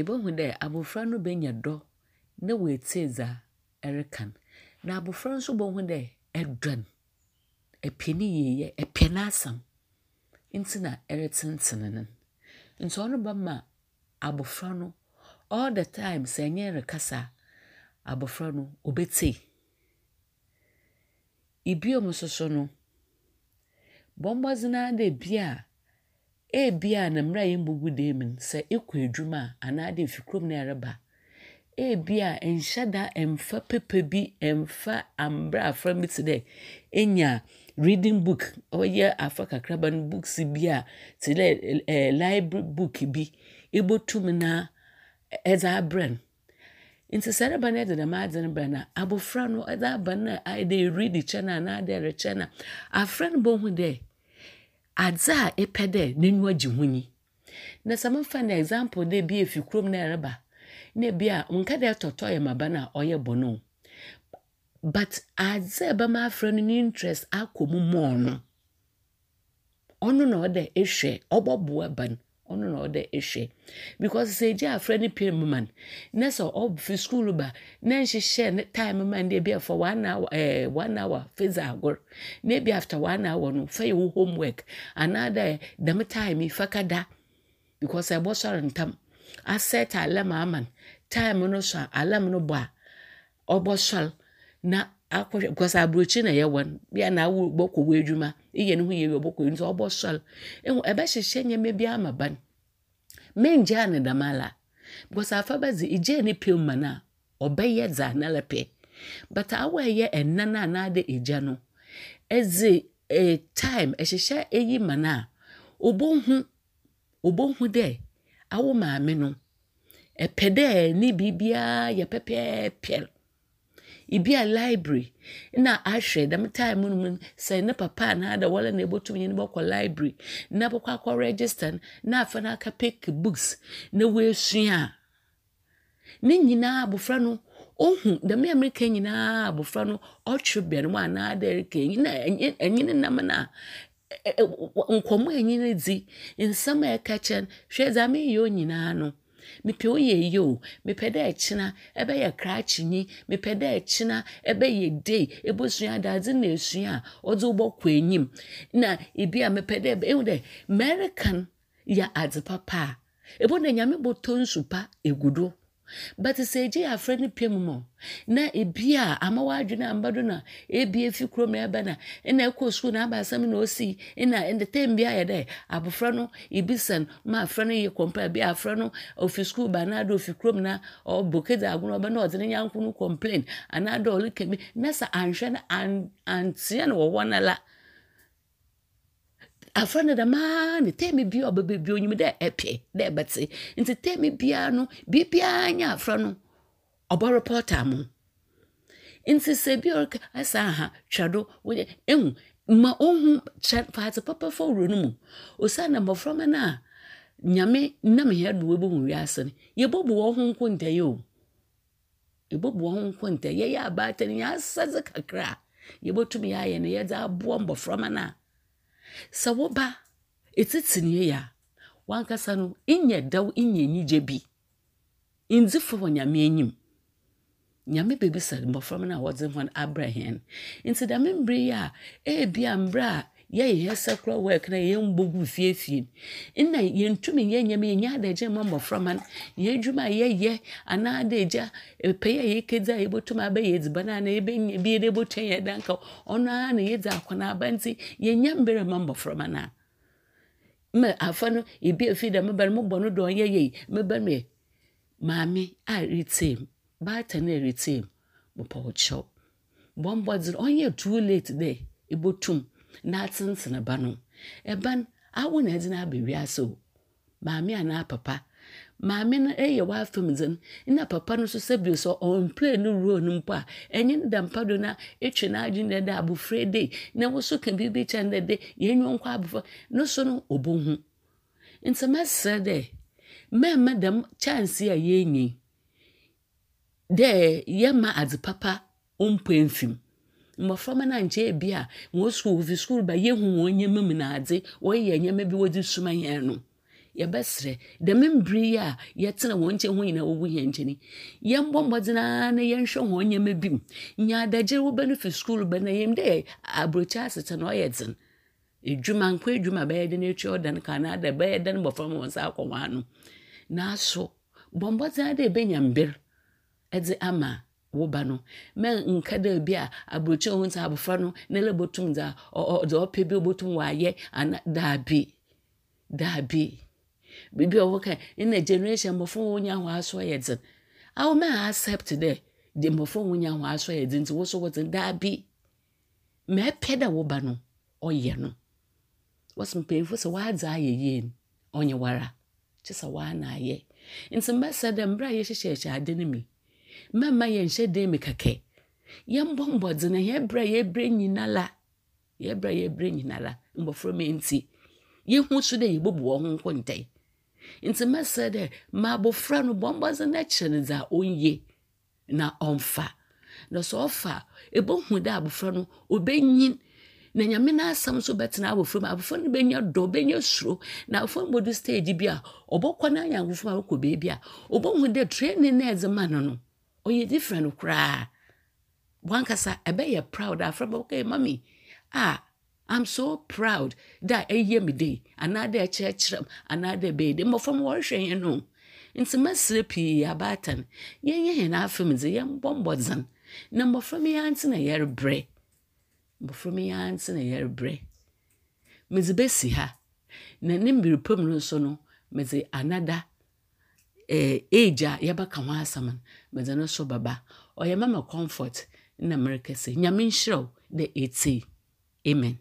Ịbɛhu dɛ abofra no bɛnya dɔ na woetsie dza ɛreka Na abofra nso bohu dɛ ɛdɔ no, ɛpɛ ne yiyɛ, ɛpɛ n'asɛm nti na ɛretsentsen no. Ntsi ɔno bɛma abɔfra no all the time sɛ ɛnye rekasa abofra abɔfra no obetsie. Bio nsoso no, bɔ mbɔdzen bia ebia na mmerɛ a mbugu dan mu sɛ ekɔ adwuma a anaadɛ efi kurom na ɛreba ebia nhyɛda mfa pepa bi mfa ambra afra bi te dɛ enya reading book ɔyɛ afra kakraba no books bi a te dɛ ɛɛ library book bi ebotum na ɛdze abrɛ no nti sɛ ɛreba no ɛde dɛm ade no brɛ no abofra no ɛde aba no a ɛde read kyɛn a anaadɛ ɛrekyɛn a afra no bɛhu dɛ. adze a ɛpɛ dɛ n'enyiwa gye ho nyi na sɛ momfa no example dɛ bi efi kurom na ɛreba na bi a nka dɛ ɛtɔtɔ yɛ maba na a ɔyɛ bɔ but adze a ɛbɛma afra no ne interest akɔ mu mɔɔ no ɔno na ɔdɛ ehwɛ ɔbɔboa ba no ɔno na ɔde ehwɛ because sɛ egya afra ne pie mu man na sɛ ɔfi school ba na nhyehyɛ ne time man de ebi afɔ one hour ɛɛ eh, one hour phase agor na ebi after one hour no fa yɛ wo homework anaadɛ dɛm time fa ka da because ɛbɔ sɔre ntam asɛt alam aman time no so alam no bɔ a ɔbɔ sɔre na akɔhwɛ because aburokyi na yɛ wɔn bia na awo bɔkɔ wɔ adwuma yɛ ne ho yie ɔbɔkɔ nti ɔbɔ sɔl ehu ɛbɛhyehyɛ nneɛma bi ama ban mengyaa ne dɛm ala because afaba dze egyaa ne pɛm ma no a ɔbɛyɛ dza na lɛpɛ but awa ɛyɛ ɛnan a naade egya no ɛdze ɛɛ e, time ɛhyehyɛ eyi ma no a ɔbɔnhu ɔbɔnhu dɛ awo maame no ɛpɛ dɛ ne biribiara yɛ pɛpɛɛpɛr Ibi a library na ahwɛ dɛm time no mu sɛ ne papa anaa da wɔle na ebotumi ne bɔkɔ library na bɔkɔ akɔ register na afa na aka pick books na wɔasua ne nyinaa abofra no ohu dɛm mmerika nyinaa abofra no ɔtwe bɛn mu anaa da erika na ɛnyine nam na nkɔmɔ ni di nsɛm a ɛka kyɛn hwɛ dza meyɛ nyinaa no. mepɛ woyɛ yie o mepɛ dɛ ɛkyena ɛbɛyɛ krakyinyi mepɛ dɛ ɛkyena ɛbɛyɛ dei ebosua adadze na esua a ɔdze wobɔkɔ enyim na ebi a mepɛ dɛ ehu dɛ mɛrikan yɛ adze papa a ebi dɛ nyame bɔtɔ nsu pa egu do but sɛ egye afrɛ ne pia mu mu na ebi a ama wadwene amba do na ebi efi kurom na ɛbɛ na ɛna ɛkɔ sukuu na aba asɛm na osi ɛna ɛnde tɛm bi ayɛ dɛ abofra no ebi sɛn ma afrɛ no yɛ kɔmpa bi afrɛ no ofi sukuu ba na do ofi kurom na ɔbɔ kedze agono ɔbɛ na ɔdze ne nyanko no complain anaa dɛ ɔle kɛmɛ na na an anteɛ na wɔwɔ na afra no damaa ne tɛmi bia ɔbɛbɛbi onyim dɛ ɛpɛ dɛ ɛbɛte nti tɛmi biara no nyɛ afra no ɔbɔ mu nti sɛ bi ɔreka asa aha twa do ma ohu kyɛ paati papa fo wuro no mu na no a nyame nam hɛ do wɔbɔ wiase no ho nko ntɛyɛ o ho nko yɛyɛ kakra yɛayɛ no yɛdze aboa no a sawoba woba ɛtitinie ya wankasa no nyɛ dɛw nyɛ anigye bi ndzi fa wɔ nyame anim nyame bebisa mmɔframa no a wɔdze wɔn abrɛ hɛn nti dɛm mberɛ a ebi a mberɛ a yɛyɛ yɛ sɛkorɔ work na yɛyɛ mbɔ gu fiefie nna yɛntumi yɛ nyɛma yɛnyɛ adagye ma mmɔframa no yɛn adwuma a yɛyɛ anaa adagya pɛ yɛ yɛkɛdze a yɛbɛtum abɛyɛ edziban a na yɛbɛnya bi yɛde bɛtua yɛn danka ɔno ara na yɛdze akɔnaba nti yɛnyɛ mbere ma mmɔframa no a mma afa no ebi efi dɛ meba no mobɔ no dɔn yɛ yɛyi meba no maame a retie mu baata na a retie mu mopɔ ɔkyɛw bɔ ɔnyɛ too late dɛ ebɔtum n'atentene ba no ɛba no awo na ɛde no aba ase o maame anaa papa maame no ɛyɛ wafam dze no na papa no nso sɛ bio sɛ ɔmplay no role no mpo a ɛnye no dampa do no a ɛtwe no adwene dɛ dɛ abofra de na wɔso ka biribi kyɛ no dɛ de yɛn nyɔnko abofra no so no ɔbɛhu nti mɛsrɛ dɛ mɛɛma dɛm chance a yɛnyi dɛ yɛma adze papa ɔmpɔ mfim mmɔframma na ankyɛ bi a wɔn sukuu fi sukuu ba yɛhu wɔn nyɛma mu n'adze wɔyɛ nyɛma bi wɔde suma yɛn no yɛbɛsrɛ dɛm mbere yi a yɛtena wɔn nkyɛn ho nyinaa wɔwu yɛn nkyɛn ni yɛmbɔ mmɔden ara na yɛnhwɛ wɔn nneɛma bi mu nyaadagye wo bɛ no fi sukuu bɛ na yɛm dɛ aburokyi aseta na ɔyɛ dzen edwuma nko edwuma bɛyɛ den etua ɔdan kan na ada bɛyɛ den mmɔframma wɔn nsa akɔ wɔn ano naaso bɔ mmɔden woba no mɛ nka dɛ bi a aburokyi ohun sɛ abofra no ne le botum dza ɔ dza ɔpɛ bi wayɛ ana daabi daabi bibi a ka ɛna generation mbɔfra wɔn nyɛ ahɔ yɛ dzen awo mɛ accept dɛ de mbɔfra wɔn nyɛ ahɔ yɛ dzen wɔ dzen daabi mɛ ɛpɛ woba no ɔyɛ no mpanyinfo sɛ ayɛ yie no ɔnyɛ wara ayɛ nti mbɛsɛ dɛ yɛhyehyɛ ade no mmamma yɛnhyɛ dan mu kɛkɛ yɛmbɔ mbɔdzen yɛbrɛ yɛbrɛ nyina la yɛbrɛ yɛbrɛ nyina la mbɔframa nti yɛhu so dɛ yɛbɛbu wɔn ho nkonta nti mɛsɛ dɛ ma abɔfra no bɔ mbɔdzen no kyerɛ no dza ɔnyɛ na ɔmfa na sɛ ɔfa ɛbɛhu dɛ abɔfra no ɔbɛnyin na nyame n'asɛm nso bɛtena abɔfra mu abɔfra no bɛnya dɔ bɛnya suro na abɔfra no bɛdu stage bi a ɔbɔkɔ no anyankofo ma ɔkɔ baabi a ɔbɛhu dɛ training na ɛdze ma no no ɔyɛ different koraa wankasa ɛbɛyɛ proud afra bɛ okay mami ah i'm so proud da ɛyɛ mi de anaa da ɛkyerɛkyerɛ m anaa da ɛbɛyɛ de mmɔfra mu wɔrehwɛ yɛn no nti mɛsrɛ pii abaatan yɛnyɛ yɛn afam dze yɛmbɔ mbɔdzen na mmɔfra mi yɛn ante na yɛrebrɛ mmɔfra mi yɛn ante na yɛrebrɛ medze besi ha na ne mmiripam no nso no medze anada Eh, age a yɛbɛka ho asɛm no mede no so baba ɔyɛ mama comfort na merekɛsɛ nyame nhyerɛw dɛ ɛtie amen